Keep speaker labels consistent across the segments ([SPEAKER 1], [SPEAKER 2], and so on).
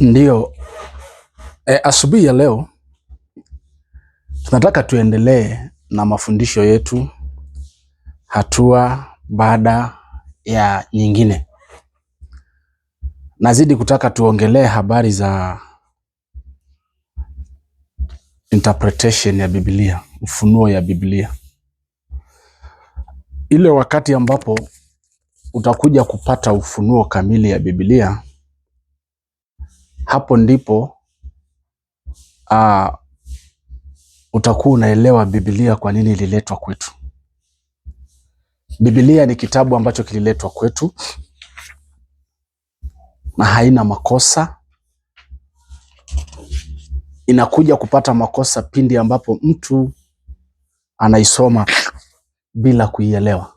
[SPEAKER 1] ndio e, asubuhi ya leo tunataka tuendelee na mafundisho yetu hatua baada ya nyingine. Nazidi kutaka tuongelee habari za interpretation ya Biblia, ufunuo ya Biblia, ile wakati ambapo utakuja kupata ufunuo kamili ya Biblia hapo ndipo uh, utakuwa unaelewa Biblia kwa nini ililetwa kwetu. Biblia ni kitabu ambacho kililetwa kwetu na haina makosa. Inakuja kupata makosa pindi ambapo mtu anaisoma bila kuielewa,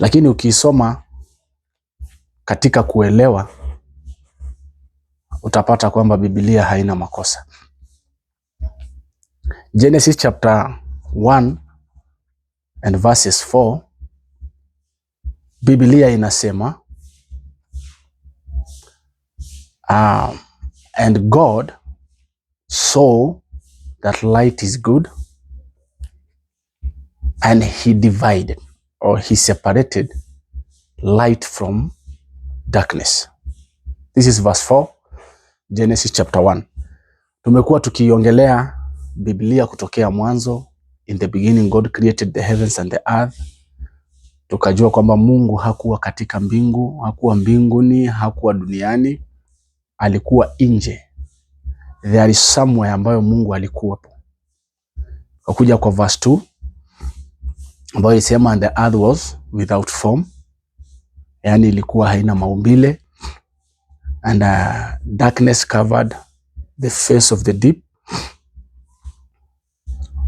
[SPEAKER 1] lakini ukiisoma katika kuelewa utapata kwamba Biblia haina makosa. Genesis chapter 1 and verses 4, Biblia inasema uh, and God saw that light is good and he divided or he separated light from darkness. This is verse 4. Genesis chapter 1. Tumekuwa tukiongelea Biblia kutokea mwanzo, in the beginning God created the heavens and the earth. Tukajua kwamba Mungu hakuwa katika mbingu, hakuwa mbinguni, hakuwa duniani, alikuwa nje. There is somewhere ambayo Mungu alikuwapo. Kakuja kwa verse 2 ambayo isema and the earth was without form, yani ilikuwa haina maumbile and uh, darkness covered the face of the deep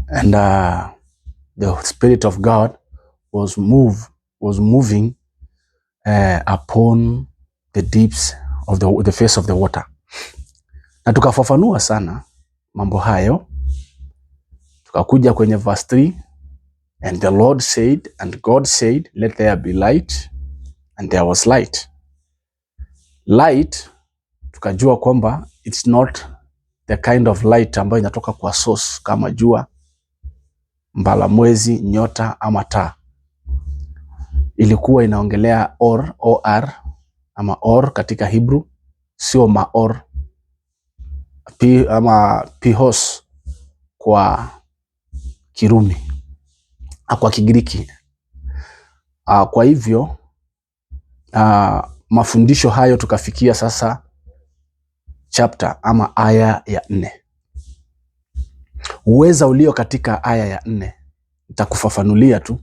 [SPEAKER 1] and uh, the Spirit of God was move was moving uh, upon the deeps of the, the face of the water. Na tukafafanua sana mambo hayo, tukakuja kwenye verse 3, and the Lord said and God said let there be light and there was light light tukajua kwamba it's not the kind of light ambayo inatoka kwa source kama jua, mbala, mwezi, nyota ama taa. Ilikuwa inaongelea or, or ama or katika Hebrew, sio maor P, ama pihos kwa Kirumi ah, kwa Kigiriki. Ah, kwa hivyo ah, mafundisho hayo tukafikia sasa chapter ama aya ya nne. Uweza ulio katika aya ya nne nitakufafanulia tu,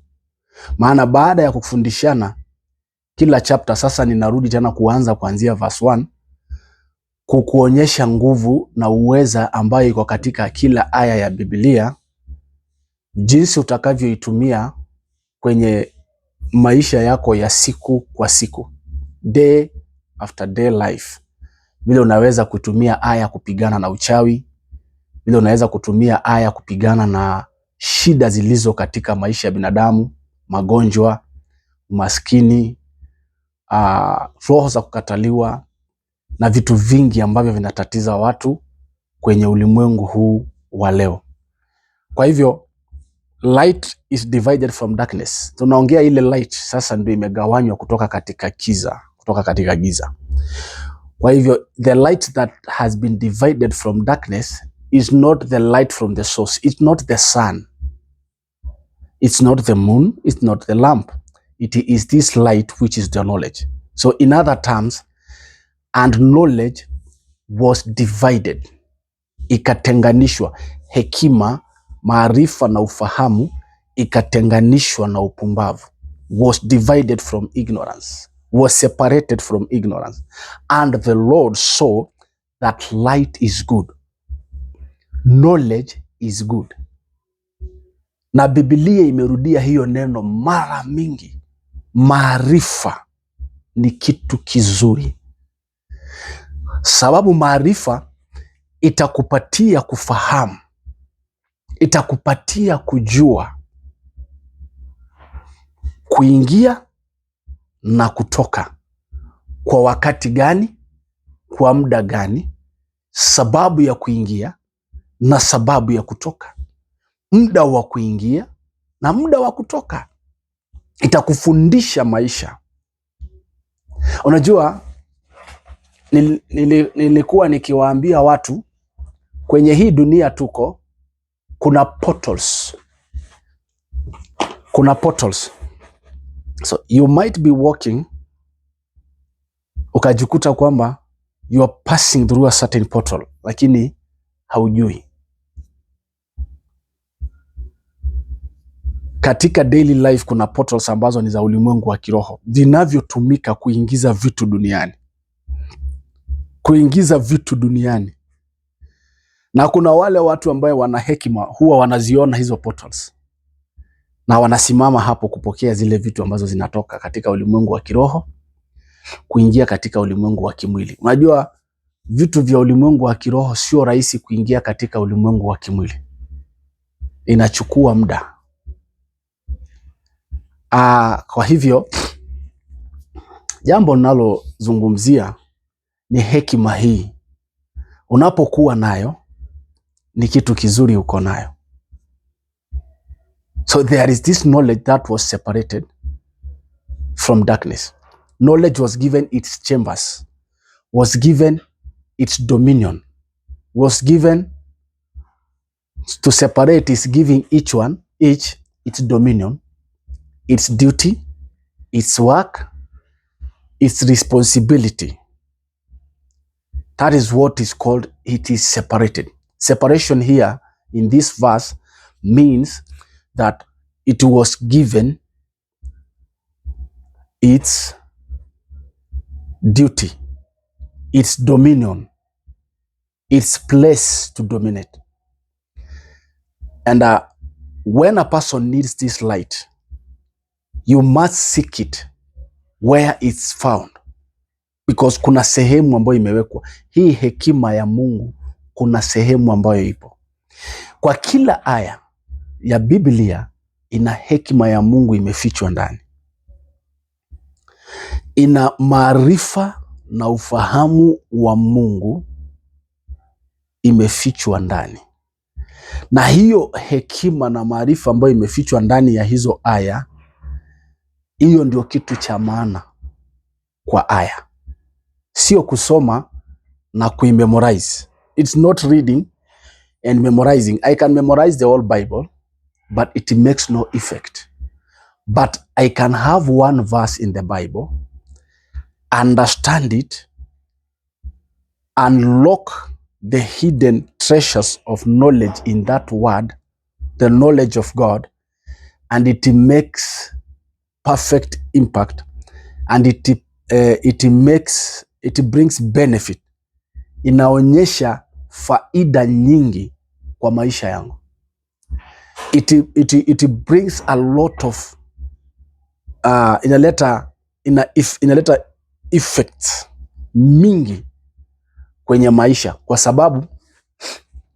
[SPEAKER 1] maana baada ya kufundishana kila chapter, sasa ninarudi tena kuanza kuanzia verse one, kukuonyesha nguvu na uweza ambayo iko katika kila aya ya Biblia, jinsi utakavyoitumia kwenye maisha yako ya siku kwa siku day after day life, vile unaweza kutumia aya kupigana na uchawi, vile unaweza kutumia aya kupigana na shida zilizo katika maisha ya binadamu, magonjwa, umaskini, uh, roho za kukataliwa na vitu vingi ambavyo vinatatiza watu kwenye ulimwengu huu wa leo. Kwa hivyo light is divided from darkness. Tunaongea ile light sasa ndio imegawanywa kutoka katika kiza kutoka katika giza. Kwa hivyo the light that has been divided from darkness is not the light from the source. It's not the sun. It's not the moon. It's not the lamp. It is this light which is the knowledge. So in other terms, and knowledge was divided. Ikatenganishwa hekima, maarifa na ufahamu ikatenganishwa na upumbavu. Was divided from ignorance was separated from ignorance. And the Lord saw that light is good, knowledge is good. Na Biblia imerudia hiyo neno mara mingi, maarifa ni kitu kizuri, sababu maarifa itakupatia kufahamu, itakupatia kujua, kuingia na kutoka kwa wakati gani, kwa muda gani, sababu ya kuingia na sababu ya kutoka, muda wa kuingia na muda wa kutoka. Itakufundisha maisha. Unajua, nilikuwa nikiwaambia watu kwenye hii dunia tuko, kuna portals, kuna portals So you might be walking ukajikuta kwamba you are passing through a certain portal, lakini haujui. Katika daily life kuna portals ambazo ni za ulimwengu wa kiroho vinavyotumika kuingiza vitu duniani, kuingiza vitu duniani, na kuna wale watu ambao wana hekima huwa wanaziona hizo portals na wanasimama hapo kupokea zile vitu ambazo zinatoka katika ulimwengu wa kiroho kuingia katika ulimwengu wa kimwili. Unajua vitu vya ulimwengu wa kiroho sio rahisi kuingia katika ulimwengu wa kimwili, inachukua muda. Aa, ah, kwa hivyo jambo ninalozungumzia ni hekima hii, unapokuwa nayo ni kitu kizuri uko nayo. So there is this knowledge that was separated from darkness. Knowledge was given its chambers, was given its dominion, was given to separate is giving each one, each its dominion, its duty, its work, its responsibility. That is what is called it is separated. Separation here in this verse means that it was given its duty, its dominion, its place to dominate. And uh, when a person needs this light, you must seek it where it's found because kuna sehemu ambayo imewekwa. Hii hekima ya Mungu kuna sehemu ambayo ipo kwa kila aya ya Biblia ina hekima ya Mungu imefichwa ndani, ina maarifa na ufahamu wa Mungu imefichwa ndani, na hiyo hekima na maarifa ambayo imefichwa ndani ya hizo aya, hiyo ndio kitu cha maana kwa aya, sio kusoma na kuimemorize. It's not reading and memorizing. I can memorize the whole Bible but it makes no effect. But I can have one verse in the Bible, understand it, unlock the hidden treasures of knowledge in that word, the knowledge of God, and it makes perfect impact and it, uh, it makes it brings benefit, inaonyesha faida nyingi kwa maisha yangu it, it, it brings a lot of uh, inaleta ina, if, inaleta effect mingi kwenye maisha, kwa sababu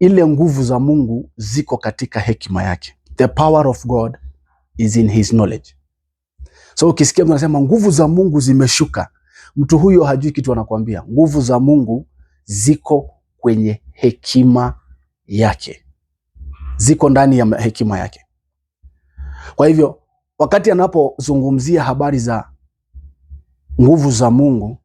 [SPEAKER 1] ile nguvu za Mungu ziko katika hekima yake. The power of God is in his knowledge. So ukisikia mtu anasema nguvu za Mungu zimeshuka, mtu huyo hajui kitu anakuambia. Nguvu za Mungu ziko kwenye hekima yake ziko ndani ya hekima yake. Kwa hivyo wakati anapozungumzia habari za nguvu za Mungu,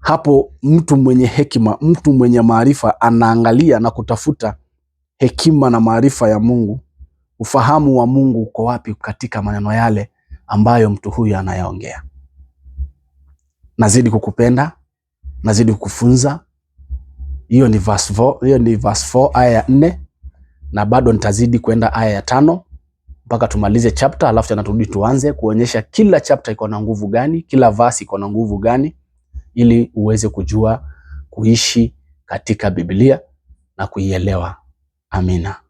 [SPEAKER 1] hapo mtu mwenye hekima, mtu mwenye maarifa anaangalia na kutafuta hekima na maarifa ya Mungu, ufahamu wa Mungu uko wapi katika maneno yale ambayo mtu huyu anayaongea. Nazidi kukupenda, nazidi kukufunza. Hiyo ni verse 4, hiyo ni verse 4 aya ya 4 na bado nitazidi kwenda aya ya tano mpaka tumalize chapter, alafu tena turudi tuanze kuonyesha kila chapter iko na nguvu gani, kila verse iko na nguvu gani, ili uweze kujua kuishi katika Biblia na kuielewa. Amina.